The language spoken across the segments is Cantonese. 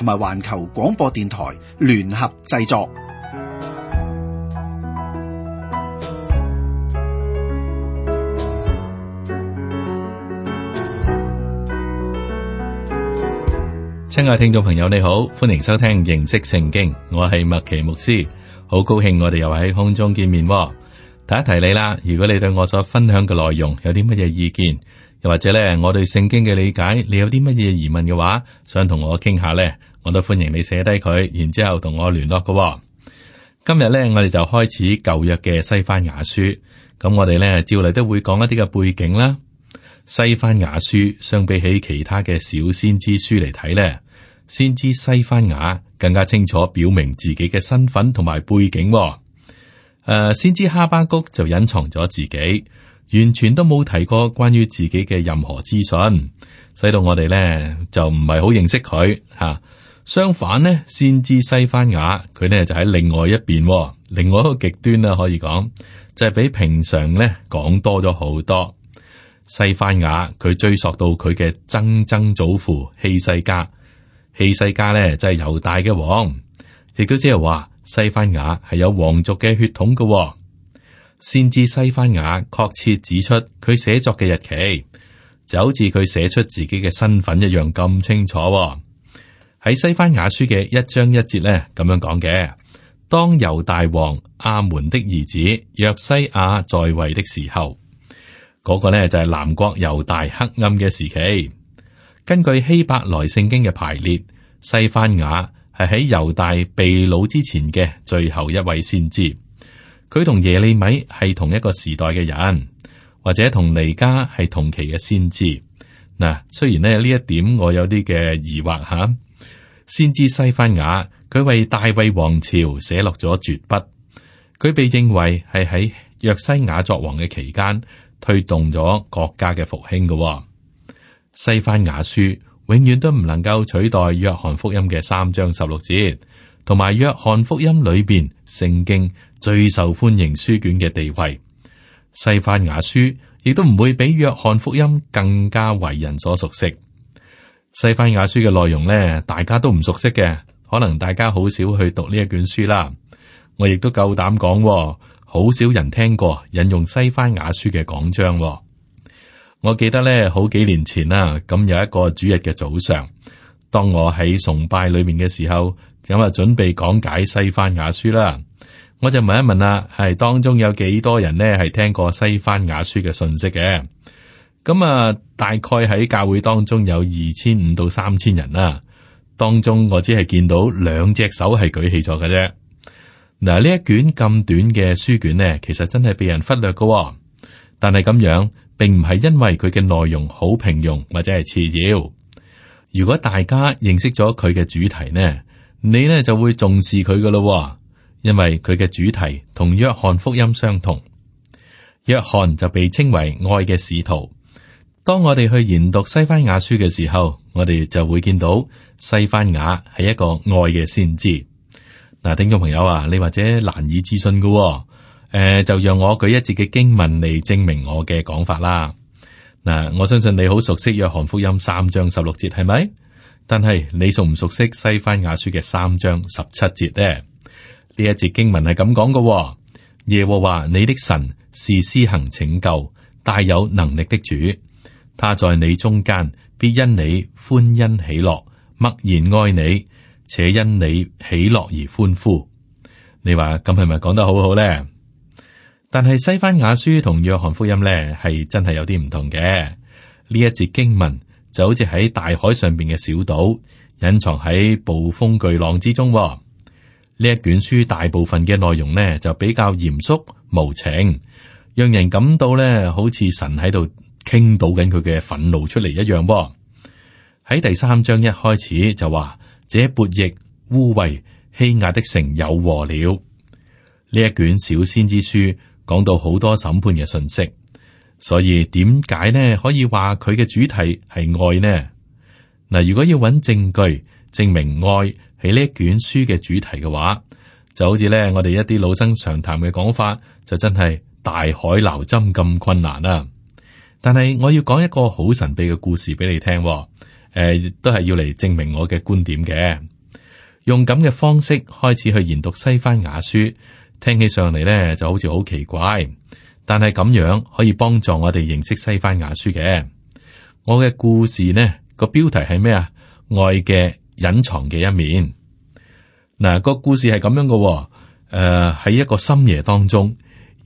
同埋環球廣播電台聯合製作，親愛聽眾朋友，你好，歡迎收聽認識聖經，我係麥奇牧師，好高興我哋又喺空中見面。第一提你啦，如果你對我所分享嘅內容有啲乜嘢意見，又或者咧我對聖經嘅理解，你有啲乜嘢疑問嘅話，想同我傾下咧？我都歡迎你寫低佢，然之後同我聯絡㗎喎。今日咧，我哋就開始舊約嘅西番雅書。咁我哋咧照例都會講一啲嘅背景啦。西番雅書相比起其他嘅小先知書嚟睇咧，先知西番雅更加清楚表明自己嘅身份同埋背景喎。誒，先知哈巴谷就隱藏咗自己，完全都冇提過關於自己嘅任何資訊，使到我哋咧就唔係好認識佢吓。啊相反咧，先知西番雅佢咧就喺另外一邊，另外一個極端啦，可以講就係、是、比平常咧講多咗好多。西番雅佢追溯到佢嘅曾曾祖父希西家，希西家呢就係、是、猶大嘅王，亦都即係話西番雅係有皇族嘅血統嘅。先知西番雅確切指出佢寫作嘅日期，就好似佢寫出自己嘅身份一樣咁清楚。喺《西番雅書》嘅一章一節呢，咁樣講嘅。當猶大王阿門的兒子約西亞在位的時候，嗰，那個呢就係南國猶大黑暗嘅時期。根據希伯來聖經嘅排列，《西番雅》係喺猶大被擄之前嘅最後一位先知。佢同耶利米係同一個時代嘅人，或者同尼加係同期嘅先知。嗱，雖然咧呢一點我有啲嘅疑惑吓。先知西番雅，佢為大衛王朝寫落咗絕筆，佢被認為係喺約西亞作王嘅期間推動咗國家嘅復興嘅。西番雅書永遠都唔能夠取代約翰福音嘅三章十六節，同埋約翰福音裏邊聖經最受歡迎書卷嘅地位。西番雅書亦都唔會比約翰福音更加為人所熟悉。西番雅書嘅內容呢，大家都唔熟悉嘅，可能大家好少去讀呢一卷書啦。我亦都夠膽講，好少人聽過引用西番雅書嘅講章哦。我記得呢好幾年前啦，咁有一個主日嘅早上，當我喺崇拜裏面嘅時候，咁啊準備講解西番雅書啦，我就問一問啊，係當中有幾多人呢係聽過西番雅書嘅信息嘅？咁啊、嗯，大概喺教會當中有二千五到三千人啦，當中我只係見到兩隻手係舉起咗嘅啫。嗱，呢一卷咁短嘅書卷呢，其實真係被人忽略噶、哦。但係咁樣，並唔係因為佢嘅內容好平庸或者係次要。如果大家認識咗佢嘅主題呢，你呢就會重視佢噶咯。因為佢嘅主題同約翰福音相同，約翰就被稱為愛嘅使徒。當我哋去研讀西番雅書嘅時候，我哋就會見到西番雅係一個愛嘅先知。嗱，聽眾朋友啊，你或者難以置信嘅，誒、呃，就讓我舉一節嘅經文嚟證明我嘅講法啦。嗱，我相信你好熟悉《約翰福音》三章十六節，係咪？但係你熟唔熟悉西番雅書嘅三章十七節呢？呢一節經文係咁講嘅：耶和華你的神是施行拯救、帶有能力的主。他在你中間，必因你歡欣喜樂，默然愛你，且因你喜樂而歡呼。你話咁係咪講得好好呢？但係西番雅書同約翰福音呢，係真係有啲唔同嘅。呢一節經文就好似喺大海上邊嘅小島，隱藏喺暴風巨浪之中。呢一卷書大部分嘅內容呢，就比較嚴肅無情，讓人感到呢，好似神喺度。傾倒緊佢嘅憤怒出嚟一樣喎，喺第三章一開始就話：「這悖逆污穢欺壓的城有禍了」。呢一卷小先知書講到好多審判嘅信息，所以點解呢可以話佢嘅主題係愛呢？嗱，如果要揾證據證明愛係呢一卷書嘅主題嘅話，就好似咧我哋一啲老生常談嘅講法，就真係大海撈針咁困難啦、啊。但係我要講一個好神秘嘅故事俾你聽、哦，誒、呃，亦都係要嚟證明我嘅觀點嘅。用咁嘅方式開始去研讀西番雅書，聽起上嚟咧就好似好奇怪，但係咁樣可以幫助我哋認識西番雅書嘅。我嘅故事呢、這個標題係咩啊？愛嘅隱藏嘅一面。嗱個、呃、故事係咁樣嘅、哦，誒、呃、喺一個深夜當中。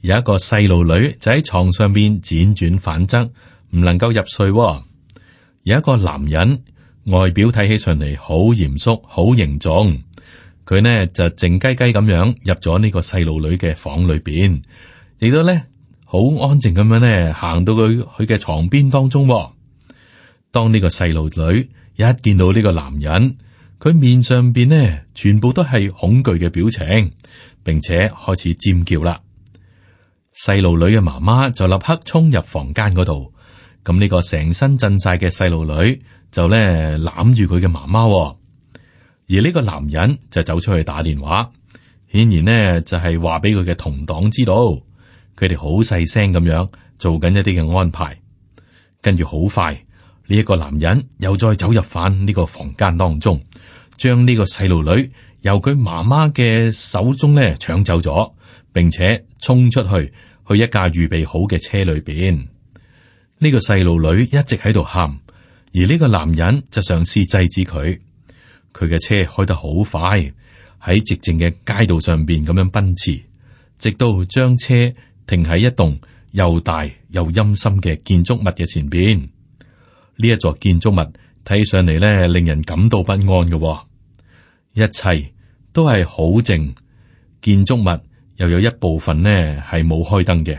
有一個細路女就喺床上面輾轉反側，唔能夠入睡。有一個男人外表睇起上嚟，好嚴肅、好凝重，佢呢就靜雞雞咁樣入咗呢個細路女嘅房裏邊，亦都呢好安靜咁樣呢行到佢佢嘅床邊當中。當呢個細路女一見到呢個男人，佢面上邊呢全部都係恐懼嘅表情，並且開始尖叫啦。細路女嘅媽媽就立刻衝入房間嗰度，咁呢個成身震晒嘅細路女就咧攬住佢嘅媽媽，而呢個男人就走出去打電話，顯然呢就係話俾佢嘅同黨知道，佢哋好細聲咁樣做緊一啲嘅安排，跟住好快呢一個男人又再走入返呢個房間當中，將呢個細路女由佢媽媽嘅手中咧搶走咗。並且衝出去，去一架預備好嘅車裏邊。呢、這個細路女一直喺度喊，而呢個男人就嘗試制止佢。佢嘅車開得好快，喺寂靜嘅街道上邊咁樣奔馳，直到將車停喺一棟又大又陰森嘅建築物嘅前邊。呢一座建築物睇上嚟咧，令人感到不安嘅、哦。一切都係好靜，建築物。又有一部分呢係冇開燈嘅，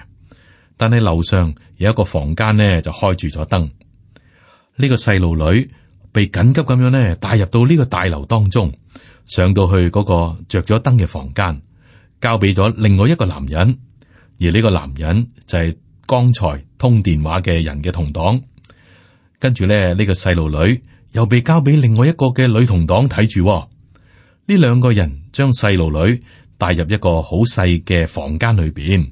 但係樓上有一個房間呢就開住咗燈。呢個細路女被緊急咁樣呢帶入到呢個大樓當中，上到去嗰個着咗燈嘅房間，交俾咗另外一個男人。而呢個男人就係剛才通電話嘅人嘅同黨。跟住呢呢個細路女又被交俾另外一個嘅女同黨睇住。呢兩個人將細路女，帶入一個好細嘅房間裏邊，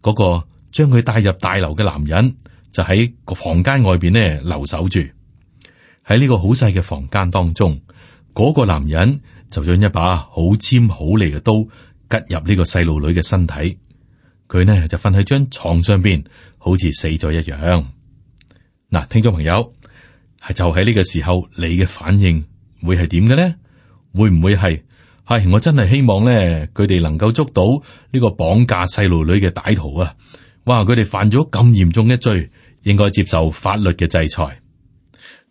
嗰個將佢帶入大樓嘅男人就喺個房間外邊咧留守住。喺呢個好細嘅房間當中，嗰個男人就用一把好尖好利嘅刀吉入呢個細路女嘅身體，佢呢就瞓喺張床上邊，好似死咗一樣。嗱，聽眾朋友，係就喺呢個時候，你嘅反應會係點嘅呢？會唔會係？係、哎、我真係希望咧，佢哋能夠捉到呢個綁架細路女嘅歹徒啊！哇，佢哋犯咗咁嚴重嘅罪，應該接受法律嘅制裁。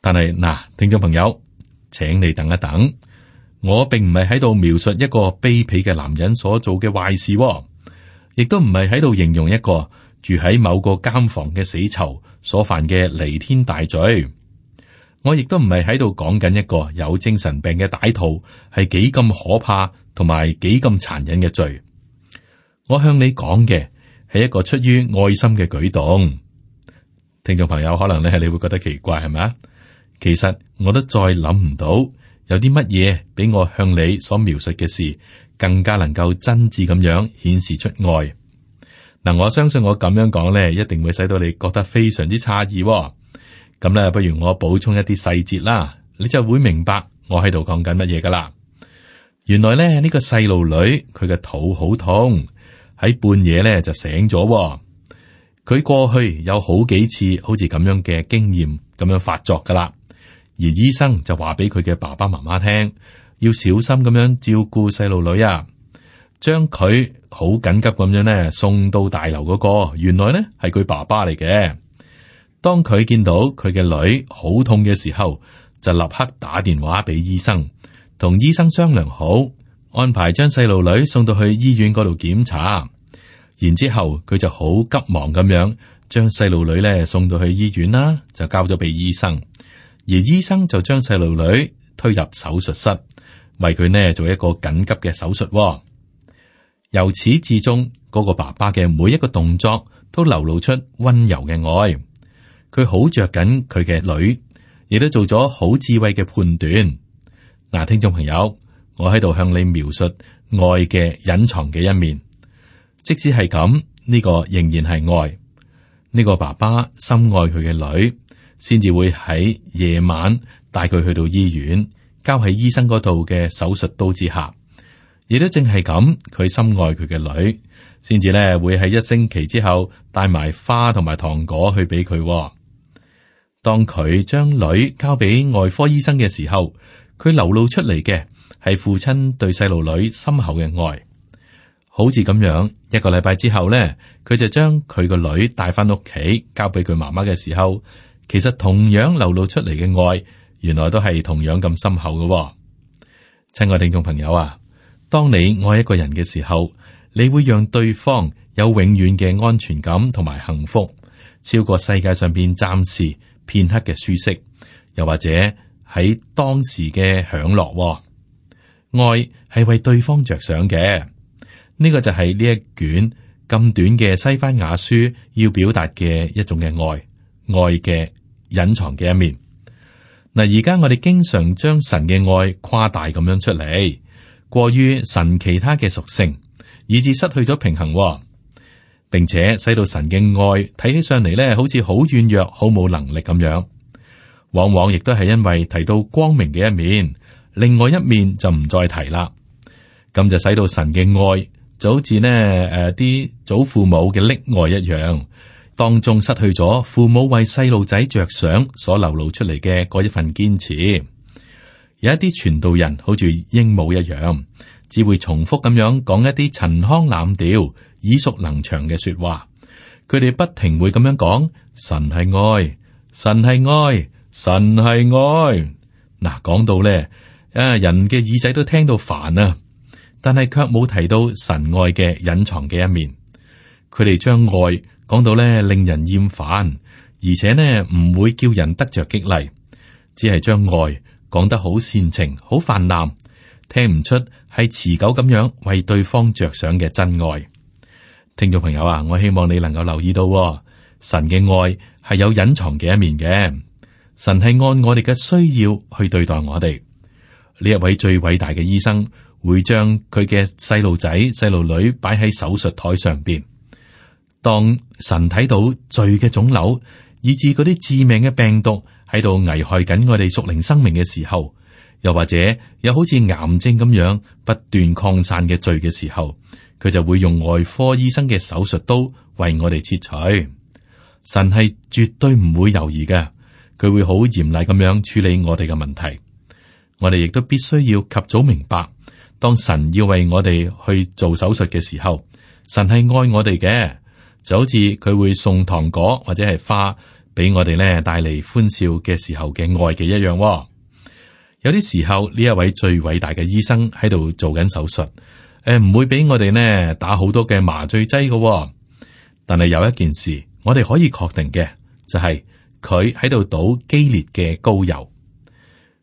但係嗱，聽眾朋友，請你等一等，我並唔係喺度描述一個卑鄙嘅男人所做嘅壞事，啊，亦都唔係喺度形容一個住喺某個監房嘅死囚所犯嘅彌天大罪。我亦都唔係喺度講緊一個有精神病嘅歹徒係幾咁可怕同埋幾咁殘忍嘅罪。我向你講嘅係一個出於愛心嘅舉動。聽眾朋友，可能你係，你會覺得奇怪係咪？其實我都再諗唔到有啲乜嘢比我向你所描述嘅事更加能夠真摯咁樣顯示出愛。嗱，我相信我咁樣講咧，一定會使到你覺得非常之詫異。咁咧，不如我補充一啲細節啦，你就會明白我喺度講緊乜嘢噶啦。原來咧，呢個細路女佢嘅肚好痛，喺半夜咧就醒咗。佢過去有好幾次好似咁樣嘅經驗咁樣發作噶啦。而醫生就話俾佢嘅爸爸媽媽聽，要小心咁樣照顧細路女啊，將佢好緊急咁樣咧送到大樓嗰個。原來咧係佢爸爸嚟嘅。當佢見到佢嘅女好痛嘅時候，就立刻打電話俾醫生，同醫生商量好，安排將細路女送到去醫院嗰度檢查。然之後佢就好急忙咁樣將細路女呢送到去醫院啦，就交咗俾醫生，而醫生就將細路女推入手術室，為佢呢做一個緊急嘅手術。由始至終，嗰個爸爸嘅每一個動作都流露出温柔嘅愛。佢好着緊佢嘅女，亦都做咗好智慧嘅判斷。嗱，聽眾朋友，我喺度向你描述愛嘅隱藏嘅一面。即使係咁，呢個仍然係愛。呢個爸爸深愛佢嘅女，先至會喺夜晚帶佢去到醫院，交喺醫生嗰度嘅手術刀之下。亦都正係咁，佢深愛佢嘅女，先至咧會喺一星期之後帶埋花同埋糖果去俾佢。當佢將女交俾外科醫生嘅時候，佢流露出嚟嘅係父親對細路女深厚嘅愛。好似咁樣，一個禮拜之後呢，佢就將佢個女帶翻屋企，交俾佢媽媽嘅時候，其實同樣流露出嚟嘅愛，原來都係同樣咁深厚嘅哦。親愛聽眾朋友啊，當你愛一個人嘅時候，你會讓對方有永遠嘅安全感同埋幸福，超過世界上邊暫時，片刻嘅舒適，又或者喺當時嘅享樂，愛係為對方着想嘅。呢、這個就係呢一卷咁短嘅西番雅書要表達嘅一種嘅愛，愛嘅隱藏嘅一面。嗱，而家我哋經常將神嘅愛誇大咁樣出嚟，過於神其他嘅屬性，以致失去咗平衡。並且使到神嘅愛睇起上嚟咧，好似好軟弱、好冇能力咁樣。往往亦都係因為提到光明嘅一面，另外一面就唔再提啦。咁就使到神嘅愛就好似呢誒啲祖父母嘅溺愛一樣，當中失去咗父母為細路仔着想所流露出嚟嘅嗰一份堅持。有一啲傳道人好似鸚鵡一樣，只會重複咁樣講一啲陳腔濫調。耳熟能詳嘅說話，佢哋不停會咁樣講：神係愛，神係愛，神係愛。嗱，講到呢，啊人嘅耳仔都聽到煩啊，但係卻冇提到神愛嘅隱藏嘅一面。佢哋將愛講到呢，令人厭煩，而且呢唔會叫人得着激勵，只係將愛講得好煽情，好泛濫，聽唔出係持久咁樣為對方着想嘅真愛。聽眾朋友啊，我希望你能夠留意到哦，神嘅愛係有隱藏嘅一面嘅。神係按我哋嘅需要去對待我哋。呢一位最偉大嘅醫生，會將佢嘅細路仔、細路女擺喺手術台上邊。當神睇到罪嘅腫瘤，以致嗰啲致命嘅病毒喺度危害緊我哋屬靈生命嘅時候，又或者有好似癌症咁樣不斷擴散嘅罪嘅時候，佢就會用外科醫生嘅手術刀為我哋切除。神係絕對唔會猶豫嘅，佢會好嚴厲咁樣處理我哋嘅問題。我哋亦都必須要及早明白，當神要為我哋去做手術嘅時候，神係愛我哋嘅，就好似佢會送糖果或者係花俾我哋咧，帶嚟歡笑嘅時候嘅愛嘅一樣，哦。有啲時候呢一位最偉大嘅醫生喺度做緊手術。誒，唔、欸、會俾我哋咧打好多嘅麻醉劑嘅、哦，但係有一件事，我哋可以確定嘅就係佢喺度賭激烈嘅高油，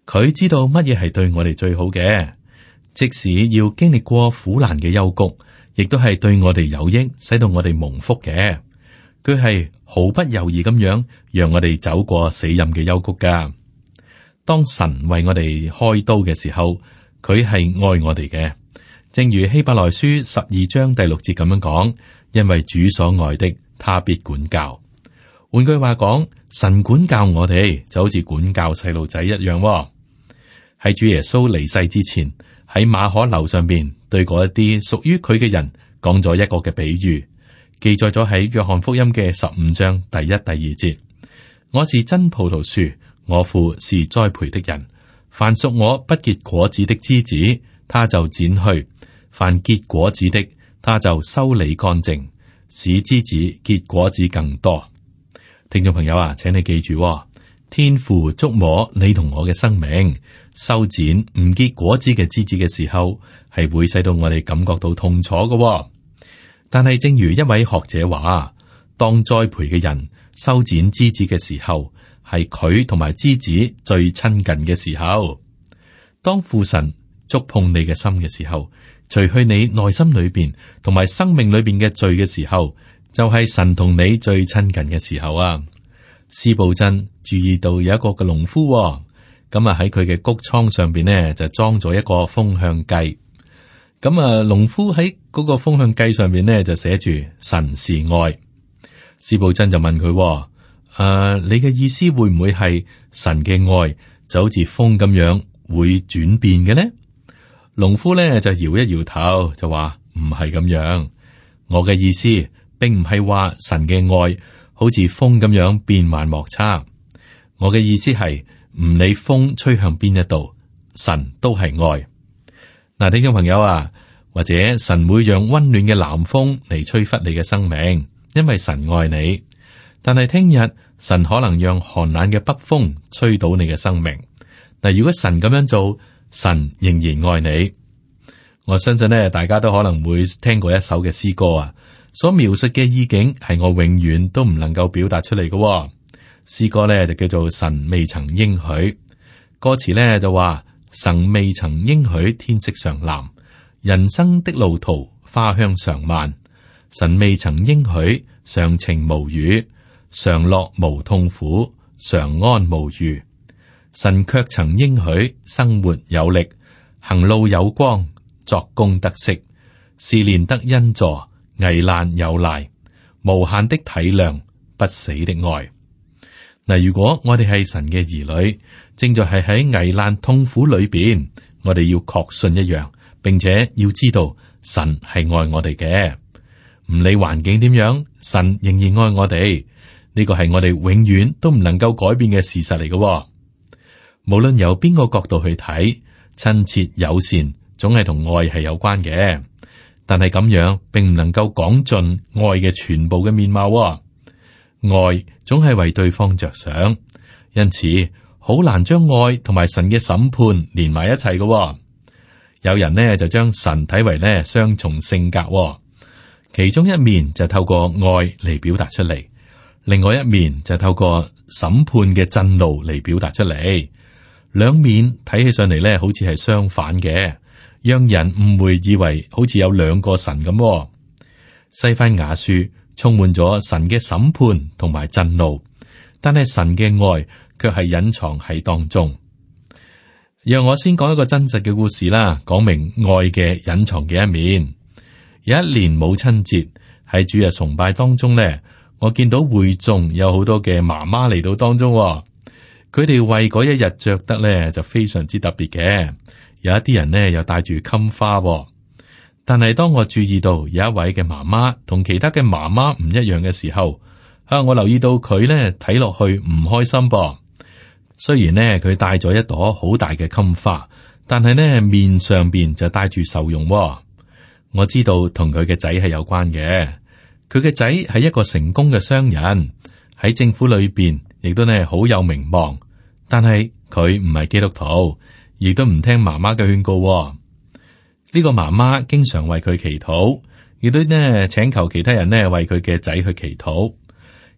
佢知道乜嘢係對我哋最好嘅，即使要經歷過苦難嘅幽谷，亦都係對我哋有益，使到我哋蒙福嘅。佢係毫不猶豫咁樣讓我哋走過死蔭嘅幽谷噶。當神為我哋開刀嘅時候，佢係愛我哋嘅。正如希伯來書十二章第六節咁樣講，因為主所愛的，他必管教。換句話講，神管教我哋就好似管教細路仔一樣。喺主耶穌離世之前，喺馬可樓上邊對嗰一啲屬於佢嘅人講咗一個嘅比喻，記載咗喺約翰福音嘅十五章第一、第二節。我是真葡萄樹，我父是栽培的人。凡屬我不結果子的枝子，他就剪去。凡結果子的，他就修理乾淨，使枝子結果子更多。聽眾朋友啊，請你記住、哦，天父觸摸你同我嘅生命，修剪唔結果子嘅枝子嘅時候，係會使到我哋感覺到痛楚嘅、哦。但係，正如一位學者話：當栽培嘅人修剪枝子嘅時候，係佢同埋枝子最親近嘅時候。當父神觸碰你嘅心嘅時候。除去你內心裏邊同埋生命裏邊嘅罪嘅時候，就係、是、神同你最親近嘅時候啊！施布珍注意到有一個嘅農夫、哦，咁啊喺佢嘅穀倉上邊呢，就裝咗一個風向計，咁啊農夫喺嗰個風向計上邊呢，就寫住神是愛，施布珍就問佢、哦：誒、啊，「你嘅意思會唔會係神嘅愛就好似風咁樣會轉變嘅呢？」農夫咧，就搖一搖頭，就話唔係咁樣。我嘅意思並唔係話神嘅愛好似風咁樣變幻莫測。我嘅意思係唔理風吹向邊一度，神都係愛。嗱，聽眾朋友啊，或者神會讓溫暖嘅南風嚟吹拂你嘅生命，因為神愛你。但係聽日神可能讓寒冷嘅北風吹到你嘅生命。嗱，如果神咁樣做。神仍然愛你，我相信呢，大家都可能會聽過一首嘅詩歌啊，所描述嘅意境係我永遠都唔能夠表達出嚟嘅。詩歌呢就叫做《神未曾應許》，歌詞呢就話，神未曾應許天色常藍，人生的路途花香常漫，神未曾應許常晴無雨，常樂無痛苦，常安無虞。神卻曾應許生活有力，行路有光，作工得息，試煉得恩助，危難有賴，無限的體諒，不死的愛。嗱，如果我哋係神嘅兒女，正在係喺危難痛苦裏邊，我哋要確信一樣，並且要知道神係愛我哋嘅，唔理環境點樣，神仍然愛我哋。呢個係我哋永遠都唔能夠改變嘅事實嚟嘅。無論由邊個角度去睇，親切友善總係同愛係有關嘅。但係咁樣並唔能夠講盡愛嘅全部嘅面貌啊、哦！愛總係為對方着想，因此好難將愛同埋神嘅審判連埋一齊嘅、哦。有人呢就將神睇為呢雙重性格、哦，其中一面就透過愛嚟表達出嚟，另外一面就透過審判嘅震怒嚟表達出嚟。兩面睇起上嚟咧，好似係相反嘅，讓人誤會以為好似有兩個神咁。西番雅書充滿咗神嘅審判同埋震怒，但係神嘅愛卻係隱藏喺當中。讓我先講一個真實嘅故事啦，講明愛嘅隱藏嘅一面。有一年母親節喺主日崇拜當中呢，我見到會眾有好多嘅媽媽嚟到當中。佢哋為嗰一日着得呢就非常之特別嘅，有一啲人呢，又戴住襟花喎。但係當我注意到有一位嘅媽媽同其他嘅媽媽唔一樣嘅時候，啊，我留意到佢呢睇落去唔開心噃、哦。雖然呢，佢戴咗一朵好大嘅襟花，但係呢面上邊就帶住愁容、哦。我知道同佢嘅仔係有關嘅，佢嘅仔係一個成功嘅商人，喺政府裏邊亦都呢好有名望。但係佢唔係基督徒，亦都唔聽媽媽嘅勸告哦。呢個媽媽經常為佢祈禱，亦都呢請求其他人呢為佢嘅仔去祈禱。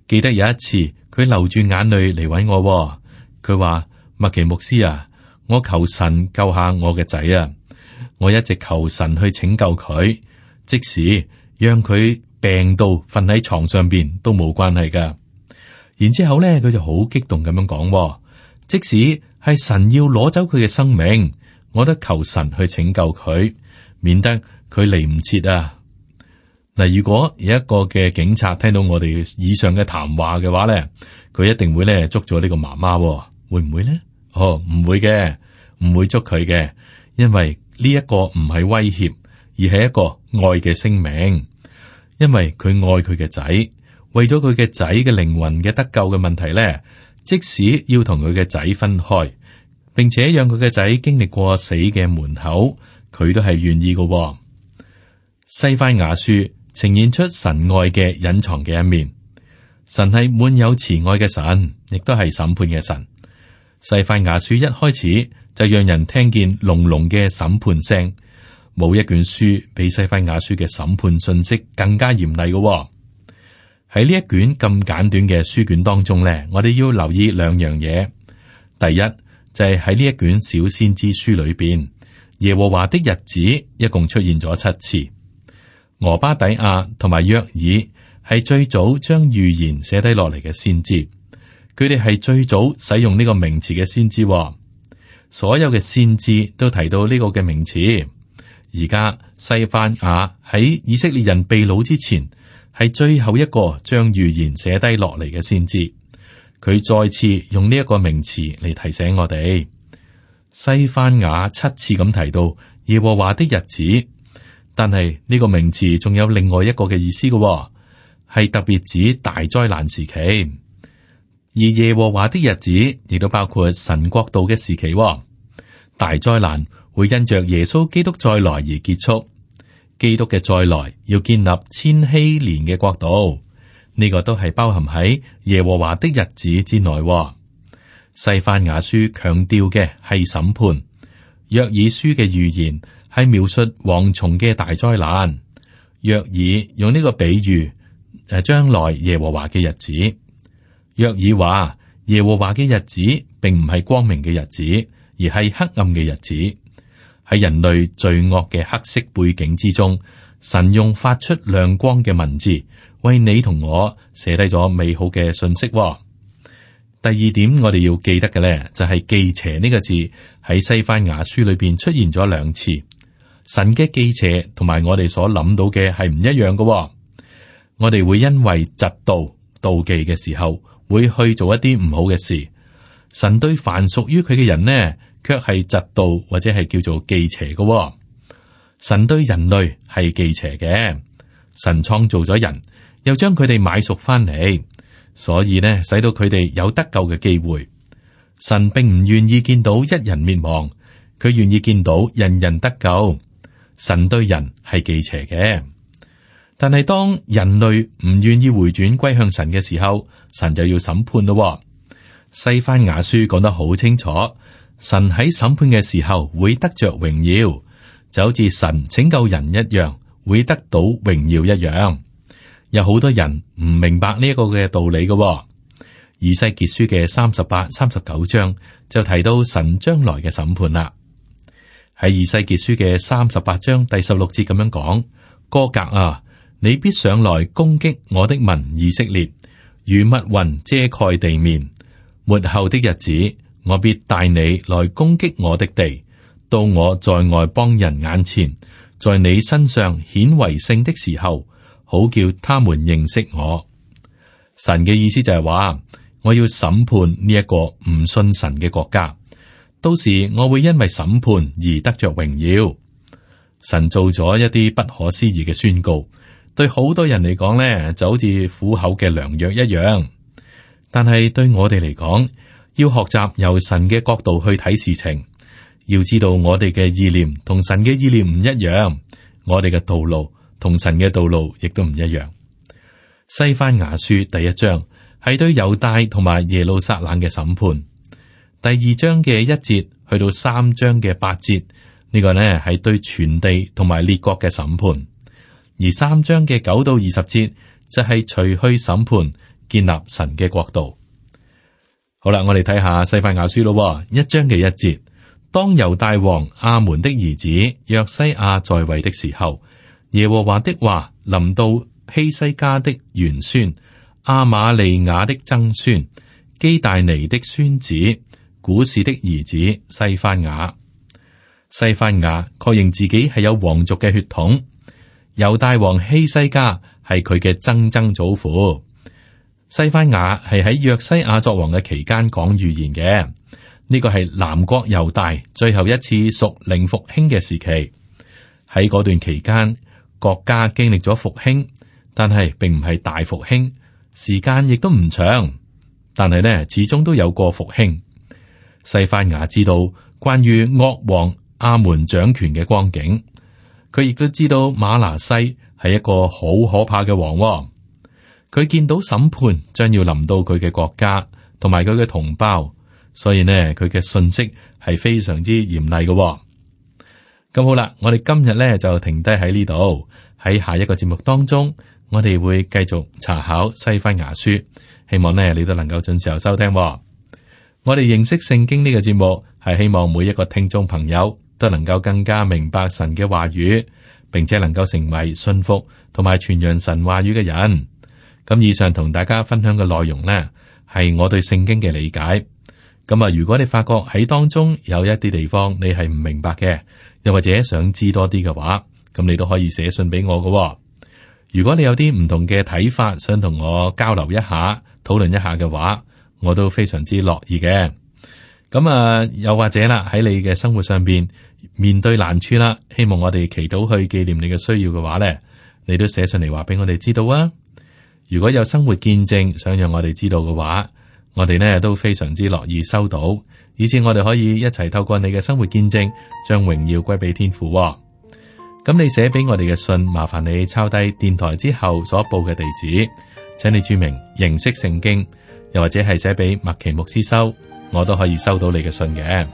記得有一次佢流住眼淚嚟搵我哦，佢話麥奇牧師啊，我求神救下我嘅仔啊，我一直求神去拯救佢，即使讓佢病到瞓喺床上邊都冇關係噶。然之後呢，佢就好激動咁樣講。即使係神要攞走佢嘅生命，我都求神去拯救佢，免得佢嚟唔切啊！嗱，如果有一個嘅警察聽到我哋以上嘅談話嘅話咧，佢一定會咧捉咗呢個媽媽，會唔會呢？哦，唔會嘅，唔會捉佢嘅，因為呢一個唔係威脅，而係一個愛嘅聲明，因為佢愛佢嘅仔，為咗佢嘅仔嘅靈魂嘅得救嘅問題咧。即使要同佢嘅仔分開，並且讓佢嘅仔經歷過死嘅門口，佢都係願意嘅哦。西番雅書呈現出神愛嘅隱藏嘅一面，神係滿有慈愛嘅神，亦都係審判嘅神。西番雅書一開始就讓人聽見隆隆嘅審判聲，冇一卷書比西番雅書嘅審判信息更加嚴厲嘅。喺呢一卷咁簡短嘅書卷當中咧，我哋要留意兩樣嘢。第一就係喺呢一卷小先知書裏邊，耶和華的日子一共出現咗七次。俄巴底亞同埋約珥係最早將預言寫低落嚟嘅先知，佢哋係最早使用呢個名詞嘅先知。所有嘅先知都提到呢個嘅名詞。而家西番雅喺以色列人被擄之前，係最後一個將預言寫低落嚟嘅先知，佢再次用呢一個名詞嚟提醒我哋。西番雅七次咁提到耶和華的日子，但係呢個名詞仲有另外一個嘅意思嘅、哦，係特別指大災難時期。而耶和華的日子亦都包括神國度嘅時期、哦，大災難會因着耶穌基督再來而結束。基督嘅再來要建立千禧年嘅國度，呢、這個都係包含喺耶和華的日子之內、哦。西番雅書強調嘅係審判，約珥書嘅預言係描述蝗蟲嘅大災難。約珥用呢個比喻誒，將來耶和華嘅日子。約珥話耶和華嘅日子並唔係光明嘅日子，而係黑暗嘅日子。喺人類罪惡嘅黑色背景之中，神用發出亮光嘅文字，為你同我寫低咗美好嘅信息、哦。第二點，我哋要記得嘅咧，就係、是、忌邪呢個字喺西番雅書裏邊出現咗兩次。神嘅忌邪同埋我哋所諗到嘅係唔一樣嘅、哦。我哋會因為嫉妒、妒忌嘅時候，會去做一啲唔好嘅事。神對凡屬於佢嘅人呢。卻係疾道，或者係叫做忌邪嘅、哦。神對人類係忌邪嘅。神創造咗人，又將佢哋買贖翻嚟，所以呢，使到佢哋有得救嘅機會。神並唔願意見到一人滅亡，佢願意見到人人得救。神對人係忌邪嘅，但係當人類唔願意回轉歸向神嘅時候，神就要審判咯、哦。西番雅書講得好清楚。神喺審判嘅時候會得着榮耀，就好似神拯救人一樣，會得到榮耀一樣。有好多人唔明白呢一個嘅道理嘅噃。以西結書嘅三十八、三十九章就提到神將來嘅審判啦。喺以西結書嘅三十八章第十六節咁樣講：歌革啊，你必上來攻擊我的民以色列，如密雲遮蓋地面。末後的日子。我必帶你來攻擊我的地，到我在外邦人眼前，在你身上顯為聖的時候，好叫他們認識我。神嘅意思就係話，我要審判呢一個唔信神嘅國家，到時我會因為審判而得着榮耀。神做咗一啲不可思議嘅宣告，對好多人嚟講呢，就好似苦口嘅良藥一樣，但係對我哋嚟講，要學習由神嘅角度去睇事情，要知道我哋嘅意念同神嘅意念唔一樣，我哋嘅道路同神嘅道路亦都唔一樣。西番雅書第一章係對猶大同埋耶路撒冷嘅審判，第二章嘅一節去到三章嘅八節，呢個呢係對全地同埋列國嘅審判，而三章嘅九到二十節就係除去審判，建立神嘅國度。好啦，我哋睇下西番雅書咯，一章嘅一節。當猶大王亞們的兒子約西亞在位的時候，耶和華的話臨到希西家的玄孫、亞瑪利雅的曾孫、基大尼的孫子、古事的兒子西番雅。西番雅確認自己係有皇族嘅血統，猶大王希西家係佢嘅曾曾祖父。西番雅係喺約西亞作王嘅期間講預言嘅，呢、這個係南國猶大最後一次屬靈復興嘅時期。喺嗰段期間，國家經歷咗復興，但係並唔係大復興，時間亦都唔長。但係呢，始終都有過復興。西番雅知道關於惡王阿門掌權嘅光景，佢亦都知道馬拿西係一個好可怕嘅王、哦。佢見到審判將要臨到佢嘅國家同埋佢嘅同胞，所以呢，佢嘅信息係非常之嚴厲嘅、哦。咁好啦，我哋今日呢就停低喺呢度。喺下一個節目當中，我哋會繼續查考西番雅書。希望呢你都能夠準時收聽、哦。我哋認識聖經呢個節目係希望每一個聽眾朋友都能夠更加明白神嘅話語，並且能夠成為信服同埋傳揚神話語嘅人。咁以上同大家分享嘅內容呢，係我對聖經嘅理解。咁啊，如果你發覺喺當中有一啲地方你係唔明白嘅，又或者想知多啲嘅話，咁你都可以寫信俾我噶。如果你有啲唔同嘅睇法，想同我交流一下，討論一下嘅話，我都非常之樂意嘅。咁啊，又或者啦，喺你嘅生活上邊面對難處啦，希望我哋祈禱去紀念你嘅需要嘅話呢，你都寫信嚟話俾我哋知道啊。如果有生活見證想讓我哋知道嘅話，我哋呢都非常之樂意收到，以至我哋可以一齊透過你嘅生活見證，將榮耀歸俾天父、哦。咁你寫俾我哋嘅信，麻煩你抄低電台之後所報嘅地址，請你注明形式聖經，又或者係寫俾麥奇牧師收，我都可以收到你嘅信嘅。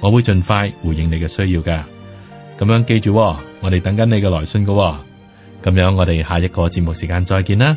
我會盡快回應你嘅需要嘅。咁樣記住、哦，我哋等緊你嘅來信嘅、哦。咁樣，我哋下一個節目時間再見啦。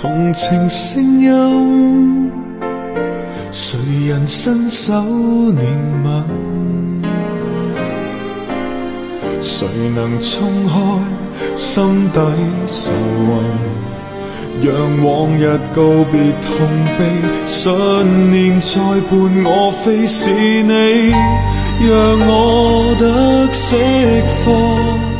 同情聲音，誰人伸手憐憫？誰能衝開心底愁雲？讓往日告別痛悲，信念再伴我飛，是你讓我得釋放。